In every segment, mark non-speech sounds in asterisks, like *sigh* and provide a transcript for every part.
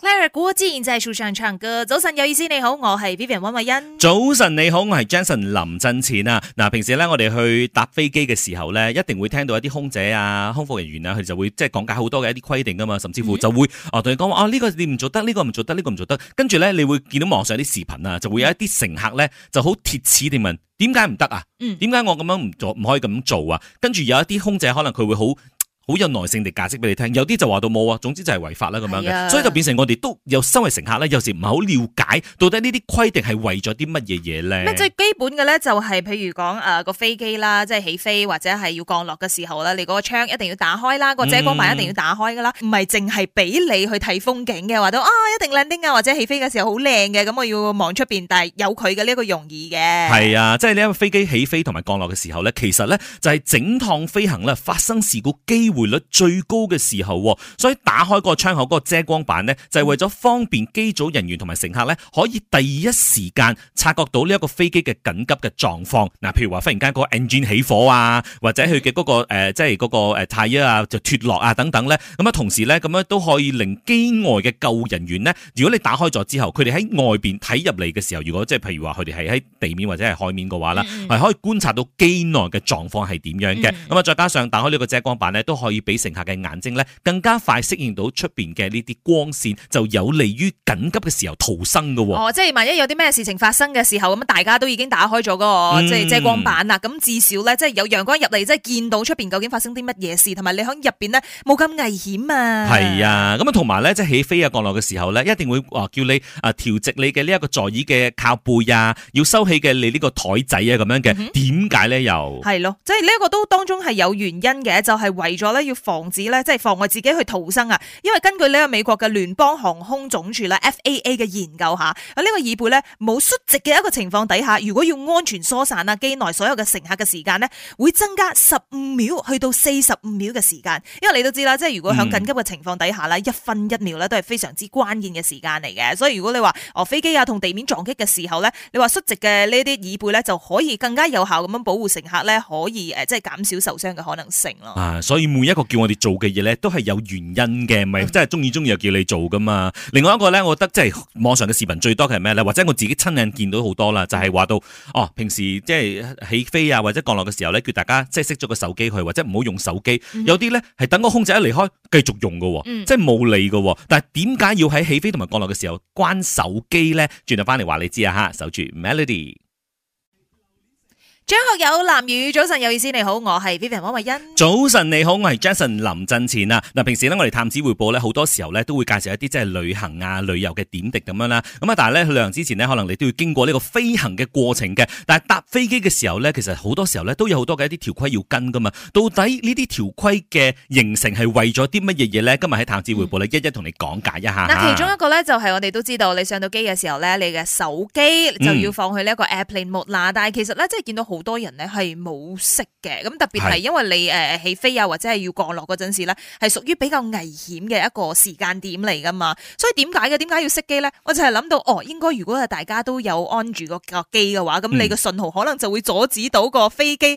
Clare 古之然就係樹上唱歌。早晨有意思，你好，我係 Vivian 溫慧欣。早晨你好，我係 Jason 林振前啊。嗱，平時咧我哋去搭飛機嘅時候咧，一定會聽到一啲空姐啊、空服人員啊，佢就會即係講解好多嘅一啲規定噶、啊、嘛，甚至乎就會哦同、mm -hmm. 啊、你講話哦呢個你唔做得，呢、這個唔做得，呢、這個唔做得。跟住咧，你會見到網上有啲視頻啊，就會有一啲乘客咧就好鐵齒地問點解唔得啊？嗯、mm -hmm.，點解我咁樣唔做唔可以咁做啊？跟住有一啲空姐可能佢會好。好有耐性地解釋俾你聽，有啲就話到冇啊，總之就係違法啦咁樣嘅，啊、所以就變成我哋都有身為乘客咧，有時唔係好了解到底呢啲規定係為咗啲乜嘢嘢咧。咩最基本嘅咧？就係譬如講誒個飛機啦，即係起飛或者係要降落嘅時候啦，你嗰個窗一定要打開啦，或者遮光板一定要打開㗎啦，唔係淨係俾你去睇風景嘅，話到啊一定靚啲啊，或者起飛嘅時候好靚嘅，咁我要望出面，但係有佢嘅呢一個用意嘅。係啊，即係呢一架飛機起飛同埋降落嘅時候咧，其實咧就係整趟飛行咧發生事故機會回率最高嘅時候，所以打開個窗口個遮光板咧，就係為咗方便機組人員同埋乘客咧，可以第一時間察覺到呢一個飛機嘅緊急嘅狀況。嗱，譬如話忽然間個 engine 起火，那個呃那個呃、啊，或者佢嘅嗰個誒，即係嗰個誒 tyre 啊就脫落啊，等等咧。咁啊，同時咧，咁樣都可以令機外嘅救人員咧，如果你打開咗之後，佢哋喺外邊睇入嚟嘅時候，如果即係譬如話佢哋係喺地面或者係海面嘅話啦，係可以觀察到機內嘅狀況係點樣嘅。咁啊，再加上打開呢個遮光板咧，都可。可以俾乘客嘅眼睛咧，更加快適應到出邊嘅呢啲光線，就有利於緊急嘅時候逃生㗎喎。哦，即係萬一有啲咩事情發生嘅時候，咁大家都已經打開咗嗰個即係遮光板啦。咁至少咧，即係有陽光入嚟，即係見到出邊究竟發生啲乜嘢事，同埋你喺入邊咧冇咁危險啊。係啊，咁啊同埋咧，即係起飛啊降落嘅時候咧，一定會話叫你啊調直你嘅呢一個座椅嘅靠背啊，要收起嘅你呢個這、嗯、點解呢個枱仔啊咁樣嘅。點解咧又？係咯，即係呢一個都當中係有原因嘅，就係、係、為咗要防止咧，即係妨礙自己去逃生啊！因為根據呢個美國嘅聯邦航空總署 FAA 嘅研究下啊，呢個椅背咧冇率直嘅一個情況底下，如果要安全疏散啊機內所有嘅乘客嘅時間咧，會增加十五秒去到四十五秒嘅時間。因為你都知啦，即係如果響緊急嘅情況底下咧，一分一秒咧都係非常之關鍵嘅時間嚟嘅。所以如果你話哦，飛機啊同地面撞擊嘅時候咧，你話率直嘅呢啲椅背咧就可以更加有效咁樣保護乘客咧，可以誒即係減少受傷嘅可能性咯。啊，所以。每一個叫我哋做嘅嘢咧，都係有原因嘅，唔係即係中意中意又叫你做噶嘛。另外一個咧，我覺得即係網上嘅視頻最多嘅係咩咧？或者我自己親眼見到好多啦，就係話到哦，平時即係起飛啊或者降落嘅時候咧，叫大家即係熄咗個手機去，或者唔好用手機。有啲咧係等個空姐一離開繼續用噶喎，即係冇理噶。但係點解要喺起飛同埋降落嘅時候關手機咧？轉頭翻嚟話你知啊，吓守住 Melody。張學友、藍雨，早晨有意思，你好，我係 Vivian 黃慧欣。早晨你好，我係 Jason 林振前啊！嗱，平時呢，我哋探子回報呢，好多時候呢，都會介紹一啲即係旅行啊、旅遊嘅點滴咁樣啦。咁啊，但係呢，去旅行之前呢，可能你都要經過呢個飛行嘅過程嘅。但係搭飛機嘅時候呢，其實好多時候呢，都有好多嘅一啲條規要跟噶嘛。到底呢啲條規嘅形成係為咗啲乜嘢嘢呢？今日喺探子回報呢，一一同你講解一下。嗱、嗯，其中一個呢，就係我哋都知道，你上到機嘅時候呢，你嘅手機就要放去呢一個 airplane mode 啦、嗯。但係其實呢，即係見到好。好多人咧係冇熄嘅，咁特別係因為你誒起飛啊，或者係要降落嗰陣時咧，係屬於比較危險嘅一個時間點嚟噶嘛。所以點解嘅？點解要熄機咧？我就係諗到，哦，應該如果係大家都有安住個架機嘅話，咁你個信號可能就會阻止到個飛機誒，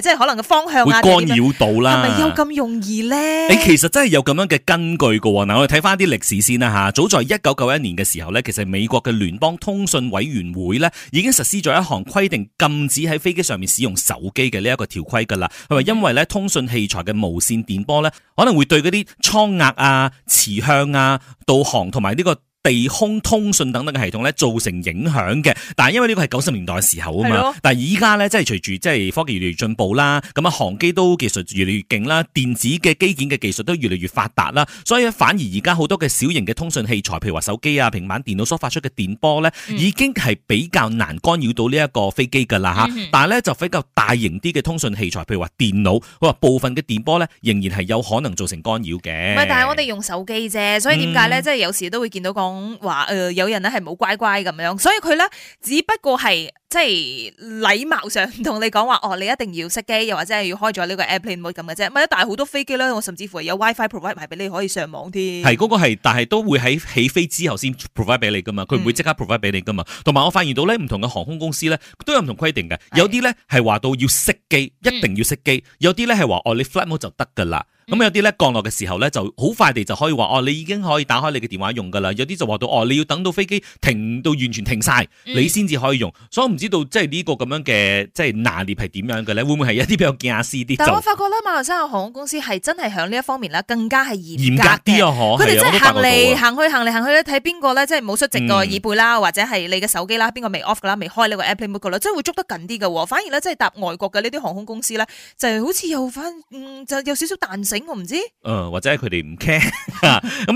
即係可能個方向啊，會干擾到啦。係咪有咁容易咧？誒，其實真係有咁樣嘅根據嘅喎。嗱，我哋睇翻啲歷史先啦嚇。早在一九九一年嘅時候咧，其實美國嘅聯邦通訊委員會咧已經實施咗一項規定，禁止喺飛機上面使用手機嘅呢一個條規噶啦，係咪因為咧通訊器材嘅無線電波咧，可能會對嗰啲倉壓啊、磁向啊、導航同埋呢個地空通訊等等嘅系統咧造成影響嘅，但係因為呢個係九十年代嘅時候啊嘛但，但係依家咧即係隨住即係科技越嚟越進步啦，咁啊航機都技術越嚟越勁啦，電子嘅機件嘅技術都越嚟越發達啦，所以反而而家好多嘅小型嘅通訊器材，譬如話手機啊、平板電腦所發出嘅電波咧，嗯、已經係比較難干擾到呢一個飛機噶啦吓，嗯嗯但係咧就比較大型啲嘅通訊器材，譬如話電腦，佢話部分嘅電波咧仍然係有可能造成干擾嘅。唔係，但係我哋用手機啫，所以點解咧，即、嗯、係有時都會見到個。話誒，有人咧係冇乖乖咁樣，所以佢咧只不過係即係禮貌上同你講話，哦，你一定要熄機，又或者係要開咗呢個 airplane mode 咁嘅啫。咪但係好多飛機咧，我甚至乎有 wifi provide 埋俾你可以上網添。係嗰個係，但係都會喺起飛之後先 provide 俾你噶嘛，佢唔會即刻 provide 俾你噶嘛。同埋我發現到咧，唔同嘅航空公司咧都有唔同規定嘅，有啲咧係話到要熄機，一定要熄機；有啲咧係話哦，你 flight mode 就得噶啦。咁、嗯、有啲咧降落嘅時候咧，就好快地就可以話哦，你已經可以打開你嘅電話用噶啦。有啲就話到哦，你要等到飛機停到完全停晒，你先至可以用、嗯。所以我唔知道即係呢個咁樣嘅即係拿捏係點樣嘅咧？會唔會係一啲比較嚴格啲？但我發覺咧，馬來西亞航空公司係真係喺呢一方面咧更加係嚴格啲啊！佢哋即係行嚟行去，行嚟行去，睇邊個咧即係冇出席個耳背啦，或者係你嘅手機啦，邊個未 off 噶啦，未開呢個 airplane 嘅啦，真係會捉得緊啲嘅。反而咧，即係搭外國嘅呢啲航空公司咧，就係好似又翻、嗯、就有少少彈我唔知道，誒、呃、或者佢哋唔 care，咁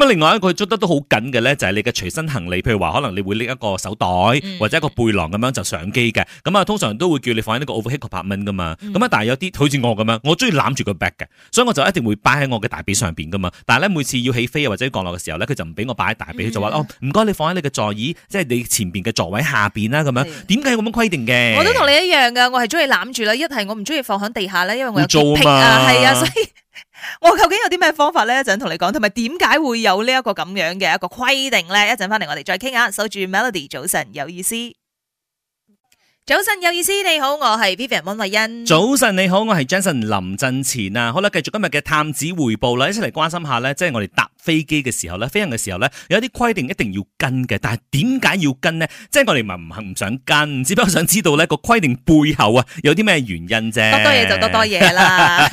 啊另外一個捉得都好緊嘅咧，就係、是、你嘅隨身行李，譬如話可能你會拎一個手袋、嗯、或者一個背囊咁樣就上機嘅，咁啊通常都會叫你放喺呢個 overhead compartment 噶嘛，咁啊但係有啲好似我咁樣，我中意攬住個 bag 嘅，所以我就一定會擺喺我嘅大髀上邊噶嘛，但係咧每次要起飛啊或者降落嘅時候咧，佢就唔俾我擺喺大髀，嗯、就話哦唔該你放喺你嘅座椅，即、就、係、是、你前邊嘅座位下邊啦咁樣，點解咁樣規定嘅？我都同你一樣噶，我係中意攬住啦，一係我唔中意放喺地下咧，因為我有潔癖啊，係啊，所以。我、哦、究竟有啲咩方法咧？一陣同你講，同埋點解會有呢一個咁樣嘅一個規定咧？一陣返嚟，我哋再傾下。守住 Melody，早晨有意思，早晨有意思。你好，我係 Vivian 溫慧欣。早晨你好，我係 Jason 林振前啊。好啦，繼續今日嘅探子回報啦，一齊嚟關心下咧，即、就、係、是、我哋答。飛機嘅時候咧，飛行嘅時候咧，有一啲規定一定要跟嘅。但係點解要跟呢？即係我哋唔係唔肯唔想跟，只不過想知道咧個規定背後啊有啲咩原因啫。多多嘢就多多嘢啦，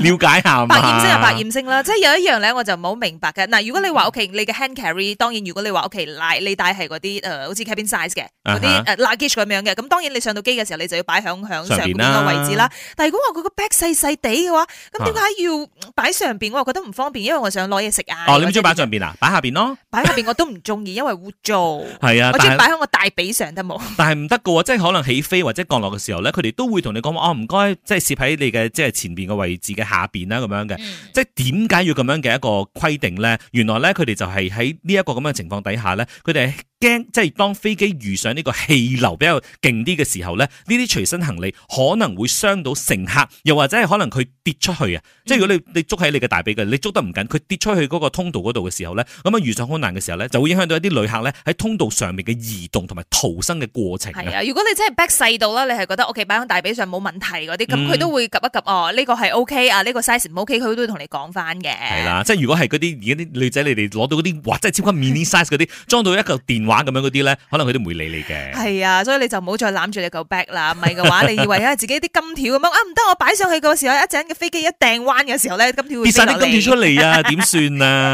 了解下。百厭星就百厭星啦。即係有一樣咧，我就唔好明白嘅。嗱，如果你話屋企你嘅 hand carry，當然如果你話屋企你帶係嗰啲誒好似 cabin size 嘅嗰啲誒 luggage 咁樣嘅，咁當然你上到機嘅時候你就要擺響響上，上面個位置啦。但係如果話佢個 bag 細細地嘅話，咁點解要擺上邊？我覺得唔方便，因為我想攞嘢食啊。你唔中擺上邊啊？擺下邊咯，擺下邊我都唔中意， *laughs* 因為污糟。係啊，我中意擺喺我大髀上得冇。但係唔得噶喎，即係可能起飛或者降落嘅時候咧，佢哋都會同你講話，我唔該，即係攝喺你嘅即係前邊嘅位置嘅下邊啦，咁樣嘅、嗯。即係點解要咁樣嘅一個規定咧？原來咧，佢哋就係喺呢一個咁嘅情況底下咧，佢哋係驚，即係當飛機遇上呢個氣流比較勁啲嘅時候咧，呢啲隨身行李可能會傷到乘客，又或者係可能佢跌出去啊、嗯。即係如果你你捉喺你嘅大髀嘅，你捉得唔緊，佢跌出去嗰個通通道嗰度嘅時候咧，咁啊遇上困難嘅時候咧，就會影響到一啲旅客咧喺通道上面嘅移動同埋逃生嘅過程。係啊，如果你真係 back 細到啦，你係覺得 OK 擺喺大髀上冇問題嗰啲，咁佢都會 𥁤 一 𥁤 哦，呢個係 OK 啊，呢個 size 唔 OK，佢都會同你講翻嘅。係啦，即係如果係嗰啲而家啲女仔，你哋攞到嗰啲哇真係超級 mini size 嗰啲，裝到一個電話咁樣嗰啲咧，可能佢都唔會理你嘅。係啊，所以你就唔好再攬住你個 back 啦，唔係嘅話，你以為啊自己啲金條咁啊唔得，我擺上去個時候一陣嘅飛機一掟彎嘅時候咧，金條會跌晒啲金條出嚟啊，點算啊？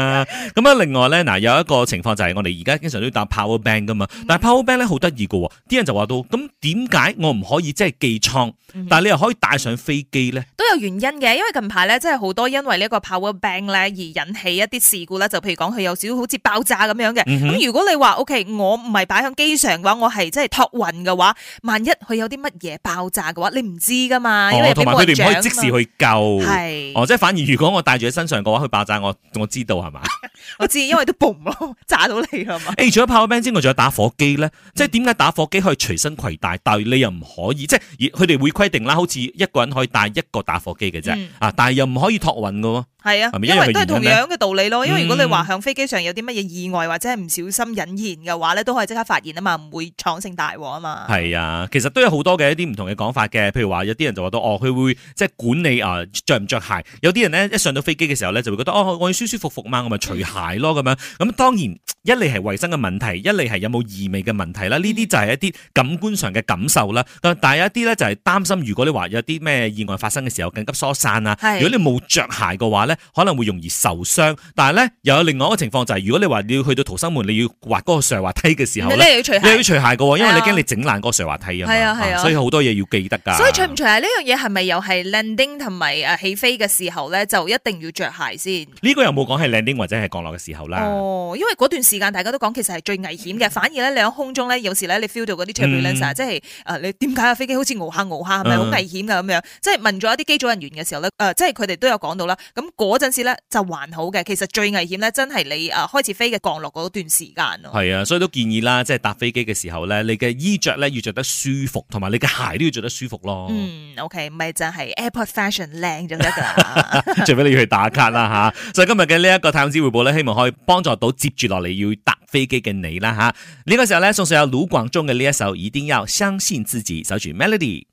咁啊，另外咧，嗱，有一個情況就係我哋而家經常都要搭 Power Bank 噶嘛，但係 Power Bank 咧好得意噶，啲人就話到，咁點解我唔可以即係寄倉，但係你又可以帶上飛機咧？都有原因嘅，因為近排咧，即係好多因為呢個 Power Bank 咧而引起一啲事故咧，就譬如講佢有少少好似爆炸咁樣嘅。咁、嗯、如果你話 O K，我唔係擺喺機上嘅話，我係即係託運嘅話，萬一佢有啲乜嘢爆炸嘅話，你唔知噶嘛？哦，同埋佢哋唔可以即時去救，係、哦，即係反而如果我帶住喺身上嘅話，佢爆炸，我我知道 *laughs* 我知，因為都 boom 咯， *laughs* 炸到你㗎嘛。除咗炮兵之外，仲有打火機咧、嗯。即係點解打火機可以隨身攜帶，但係你又唔可以？即係佢哋會規定啦，好似一個人可以帶一個打火機嘅啫。啊、嗯，但係又唔可以託運嘅喎。係、嗯、啊，因為都係同樣嘅道理咯。因為如果你話響飛機上有啲乜嘢意外或者係唔小心引燃嘅話咧、嗯，都可以即刻發現啊嘛，唔會闖成大禍啊嘛。係啊，其實都有好多嘅一啲唔同嘅講法嘅。譬如話有啲人就話到哦，佢會即係管你啊着唔着鞋。有啲人咧一上到飛機嘅時候咧，就會覺得哦，我要舒舒服服嘛。咪除鞋咯，咁樣咁當然一嚟係衛生嘅問題，一嚟係有冇異味嘅問題啦。呢啲就係一啲感官上嘅感受啦。但係有一啲咧就係擔心如，如果你有話有啲咩意外發生嘅時候，緊急疏散啊，如果你冇着鞋嘅話咧，可能會容易受傷。但係咧又有另外一個情況就係、是，如果你話你要去到逃生門，你要滑嗰個上滑梯嘅時候咧，你要除鞋嘅，因為你驚你整爛嗰個上滑梯啊，啊，啊所以好多嘢要記得噶。所以除唔除鞋呢樣嘢係咪又係 landing 同埋誒起飛嘅時候咧，就一定要着鞋先？呢、嗯這個又冇講係 landing 或者係降落嘅時候啦，哦，因為嗰段時間大家都講其實係最危險嘅，反而咧你喺空中咧，有時咧你 feel 到嗰啲 turbulence，即係誒你點解架飛機好似搖下搖下，係咪好危險噶咁樣？即係問咗一啲機組人員嘅時候咧，誒、呃，即係佢哋都有講到啦。咁嗰陣時咧就還好嘅，其實最危險咧真係你誒開始飛嘅降落嗰段時間咯。係啊，所以都建議啦，即係搭飛機嘅時候咧，你嘅衣着咧要着得舒服，同埋你嘅鞋都要着得舒服咯。OK，咪就係 airport fashion 靚就得噶啦。最 *laughs* 尾你要去打卡啦吓， *laughs* 所以今日嘅呢一個。探子回報咧，希望可以幫助到接住落嚟要搭飛機嘅你啦吓。呢、這個時候咧，送上有盧廣仲嘅呢一首《一定要相信自己》，守住 Melody。